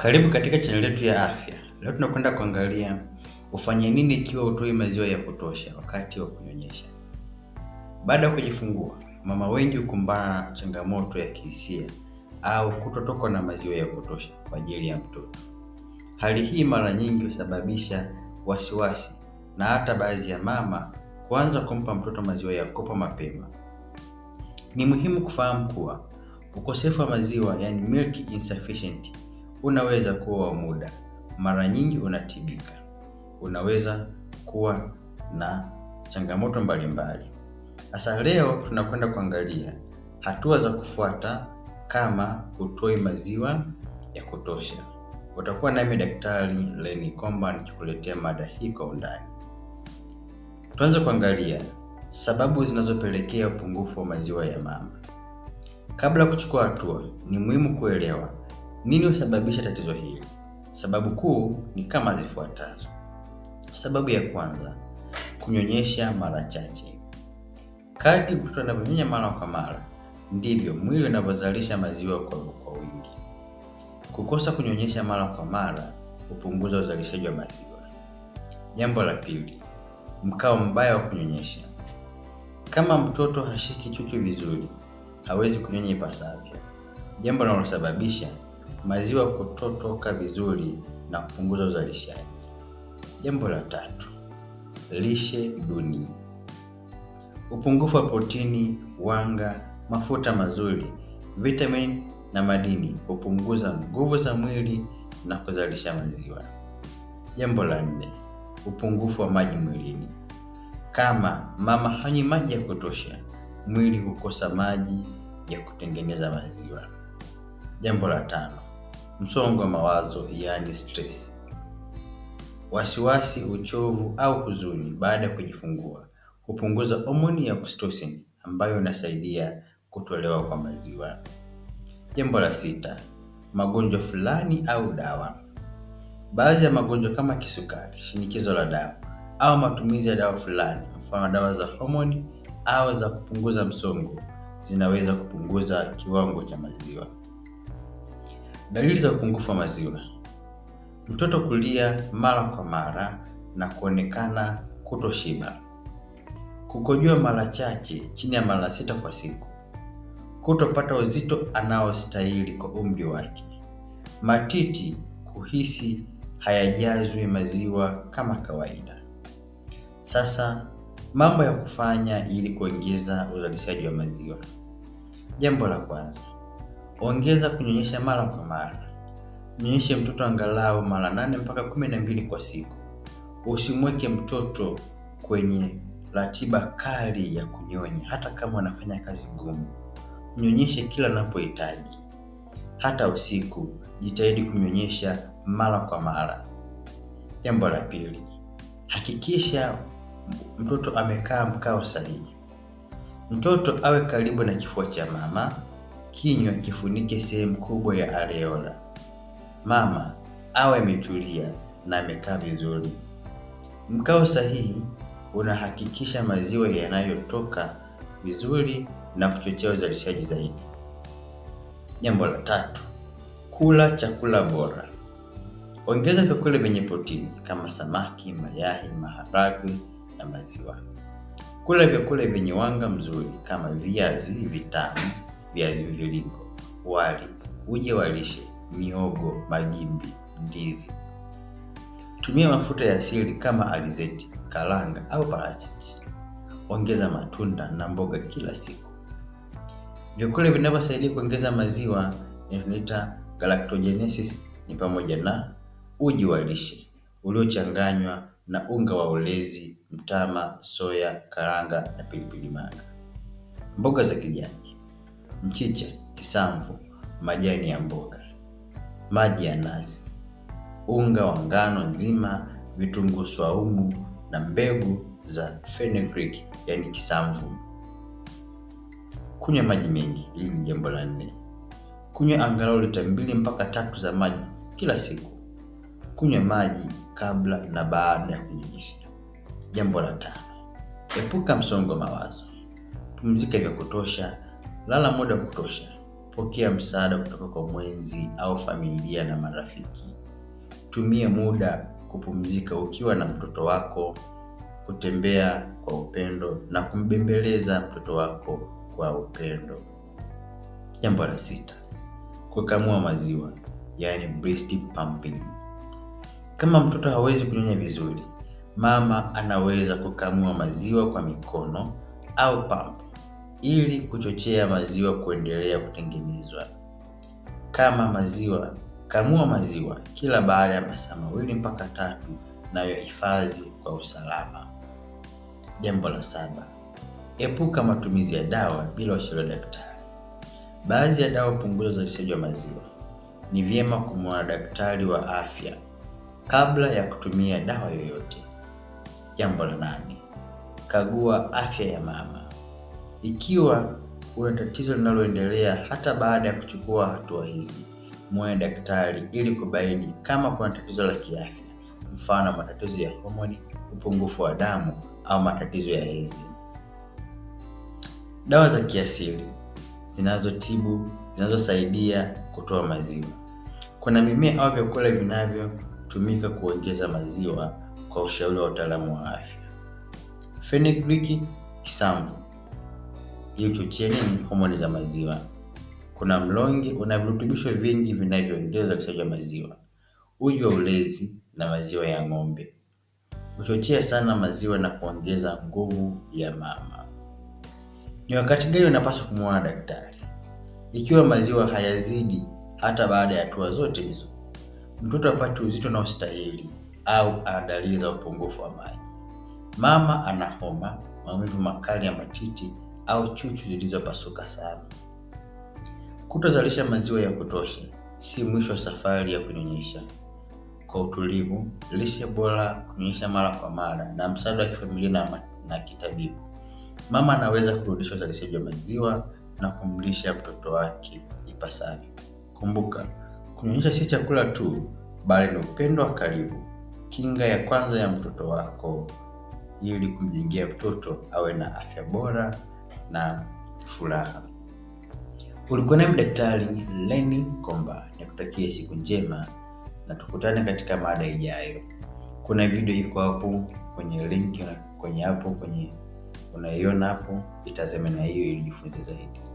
Karibu katika channel yetu ya afya. Leo tunakwenda kuangalia ufanye nini ikiwa utoi maziwa ya kutosha wakati wa kunyonyesha. Baada ya kujifungua, mama wengi hukumbana na changamoto ya kihisia au kutotokwa na maziwa ya kutosha kwa ajili ya mtoto. Hali hii mara nyingi husababisha wasiwasi na hata baadhi ya mama kuanza kumpa mtoto maziwa ya kopo mapema. Ni muhimu kufahamu kuwa ukosefu wa maziwa, yani milk insufficient unaweza kuwa wa muda, mara nyingi unatibika. Unaweza kuwa na changamoto mbalimbali. Sasa leo tunakwenda kuangalia hatua za kufuata kama hutoi maziwa ya kutosha. Utakuwa nami Daktari Lenny Komba nikikuletea mada hii kwa undani. Tuanze kuangalia sababu zinazopelekea upungufu wa maziwa ya mama. Kabla ya kuchukua hatua, ni muhimu kuelewa nini husababisha tatizo hili? Sababu kuu ni kama zifuatazo. Sababu ya kwanza, kunyonyesha mara chache. Kadri mtoto anavyonyonya mara kwa mara, ndivyo mwili unavyozalisha maziwa kwa, kwa wingi. Kukosa kunyonyesha mara kwa mara hupunguza uzalishaji wa maziwa. Jambo la pili, mkao mbaya wa kunyonyesha. Kama mtoto hashiki chuchu vizuri, hawezi kunyonya ipasavyo, jambo linalosababisha maziwa kutotoka vizuri na kupunguza uzalishaji. Jambo la tatu, lishe duni. Upungufu wa protini, wanga, mafuta mazuri, vitamini na madini hupunguza nguvu za mwili na kuzalisha maziwa. Jambo la nne, upungufu wa maji mwilini. Kama mama hanywi maji ya kutosha, mwili hukosa maji ya kutengeneza maziwa. Jambo la tano, msongo wa mawazo yani stress. Wasiwasi, uchovu au huzuni baada ya kujifungua hupunguza homoni ya oxytocin ambayo inasaidia kutolewa kwa maziwa. Jambo la sita, magonjwa fulani au dawa. Baadhi ya magonjwa kama kisukari, shinikizo la damu au matumizi ya dawa fulani, mfano dawa za homoni au za kupunguza msongo, zinaweza kupunguza kiwango cha maziwa. Dalili za upungufu wa maziwa: mtoto kulia mara kwa mara na kuonekana kutoshiba, kukojoa mara chache chini ya mara sita kwa siku, kutopata uzito anaostahili kwa umri wake, matiti kuhisi hayajazwi maziwa kama kawaida. Sasa mambo ya kufanya ili kuongeza uzalishaji wa maziwa. Jambo la kwanza Ongeza kunyonyesha mara kwa mara. Mnyonyeshe mtoto angalau mara nane mpaka kumi na mbili kwa siku. Usimweke mtoto kwenye ratiba kali ya kunyonya, hata kama anafanya kazi ngumu. Mnyonyeshe kila anapohitaji, hata usiku. Jitahidi kumnyonyesha mara kwa mara. Jambo la pili, hakikisha mtoto amekaa mkao sahihi. Mtoto awe karibu na kifua cha mama kinywa kifunike sehemu kubwa ya areola. Mama awe ametulia na amekaa vizuri. Mkao sahihi unahakikisha maziwa yanayotoka vizuri na kuchochea uzalishaji zaidi. Jambo la tatu, kula chakula bora. Ongeza vyakula vyenye protini kama samaki, mayai, maharagwe na maziwa. Kula vyakula vyenye wanga mzuri kama viazi vitamu viazi mviringo, wali, uje wa lishe, miogo, magimbi, ndizi. Tumia mafuta ya asili kama alizeti, karanga au parachichi. Ongeza matunda na mboga kila siku. Vyakula vinavyosaidia kuongeza maziwa inaita galactogenesis ni pamoja na uji wa lishe uliochanganywa na unga wa ulezi, mtama, soya, karanga na pilipili manga. Mboga za kijani mchicha, kisamvu, majani ya mboga, maji ya nazi, unga wa ngano nzima, vitunguu swaumu na mbegu za fenugreek, yani kisamvu. Kunywa maji mengi. Hili ni jambo la nne. Kunywa angalau lita mbili mpaka tatu za maji kila siku. Kunywa maji kabla na baada ya kunyonyesha. Jambo la tano, epuka msongo wa mawazo. Pumzika vya kutosha Lala muda wa kutosha. Pokea msaada kutoka kwa mwenzi au familia na marafiki. Tumia muda kupumzika ukiwa na mtoto wako, kutembea kwa upendo na kumbembeleza mtoto wako kwa upendo. Jambo la sita, kukamua maziwa, yani breast pumping. Kama mtoto hawezi kunyonya vizuri, mama anaweza kukamua maziwa kwa mikono au pampu ili kuchochea maziwa kuendelea kutengenezwa. Kama maziwa, kamua maziwa kila baada ya masaa mawili mpaka tatu na yahifadhi kwa usalama. Jambo la saba, epuka matumizi ya dawa bila ushauri wa daktari. Baadhi ya dawa hupunguza uzalishaji wa maziwa. Ni vyema kumwona daktari wa afya kabla ya kutumia dawa yoyote. Jambo la nane, kagua afya ya mama. Ikiwa una tatizo linaloendelea hata baada ya kuchukua hatua hizi, muone daktari ili kubaini kama kuna tatizo la kiafya, mfano matatizo ya homoni, upungufu wa damu au matatizo ya hedhi. Dawa za kiasili zinazotibu zinazosaidia kutoa maziwa. Kuna mimea au vyakula vinavyotumika kuongeza maziwa kwa ushauri wa wataalamu wa afya. Fenugreek kisamvu icho chenye ni homoni za maziwa. Kuna mlonge una virutubisho vingi vinavyoongeza uzalishaji wa maziwa, uji wa ulezi na maziwa ya ng'ombe. Huchochea sana maziwa na kuongeza nguvu ya mama. Ni wakati gani unapaswa kumwona daktari? Ikiwa maziwa hayazidi hata baada ya hatua zote hizo, mtoto apate uzito unaostahili au ana dalili za upungufu wa maji, mama ana homa, maumivu makali ya matiti au chuchu zilizopasuka sana. Kutozalisha maziwa ya kutosha si mwisho wa safari ya kunyonyesha. Kwa utulivu, lishe bora, kunyonyesha mara kwa mara na msaada wa kifamilia na, na kitabibu, mama anaweza kurudisha uzalishaji wa maziwa na kumlisha mtoto wake ipasavyo. Kumbuka, kunyonyesha si chakula tu, bali ni upendo wa karibu, kinga ya kwanza ya mtoto wako, ili kumjengea mtoto awe na afya bora na furaha. Ulikuwa naye Daktari Lenny Komba, nikutakie siku njema na tukutane katika mada ijayo. Kuna video iko hapo kwenye link kwenye hapo kwenye unaiona hapo, itazame na hiyo ili jifunze zaidi.